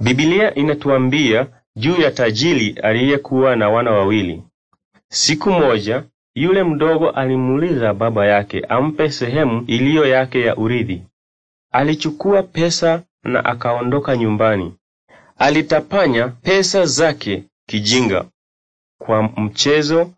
Bibilia inatuambia juu ya tajiri aliyekuwa na wana wawili. Siku moja yule mdogo alimuuliza baba yake ampe sehemu iliyo yake ya urithi. Alichukua pesa na akaondoka nyumbani. Alitapanya pesa zake kijinga kwa mchezo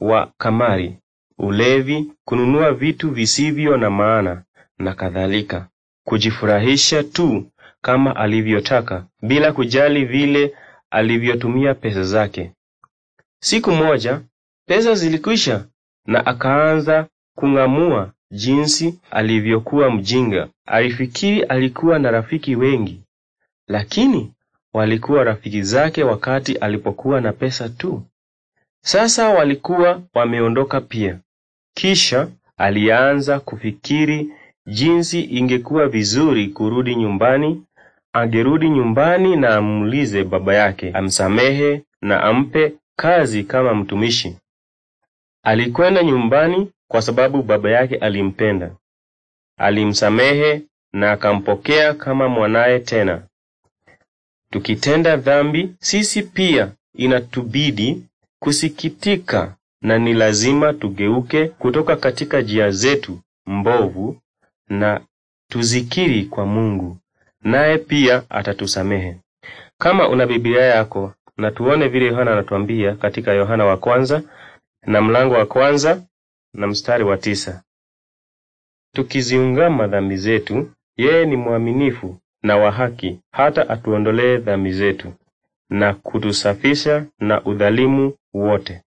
wa kamari, ulevi, kununua vitu visivyo na maana na kadhalika, kujifurahisha tu kama alivyotaka bila kujali vile alivyotumia pesa zake siku moja pesa zilikwisha na akaanza kung'amua jinsi alivyokuwa mjinga alifikiri alikuwa na rafiki wengi lakini walikuwa rafiki zake wakati alipokuwa na pesa tu sasa walikuwa wameondoka pia kisha alianza kufikiri jinsi ingekuwa vizuri kurudi nyumbani Angerudi nyumbani na amuulize baba yake amsamehe na ampe kazi kama mtumishi. Alikwenda nyumbani kwa sababu baba yake alimpenda, alimsamehe na akampokea kama mwanaye tena. Tukitenda dhambi sisi pia inatubidi kusikitika na ni lazima tugeuke kutoka katika njia zetu mbovu na tuzikiri kwa Mungu naye pia atatusamehe. Kama una Biblia yako na tuone vile Yohana anatuambia katika Yohana wa kwanza na mlango wa kwanza na mstari wa tisa. Tukiziungama dhambi zetu, yeye ni mwaminifu na wa haki hata atuondolee dhambi zetu na kutusafisha na udhalimu wote.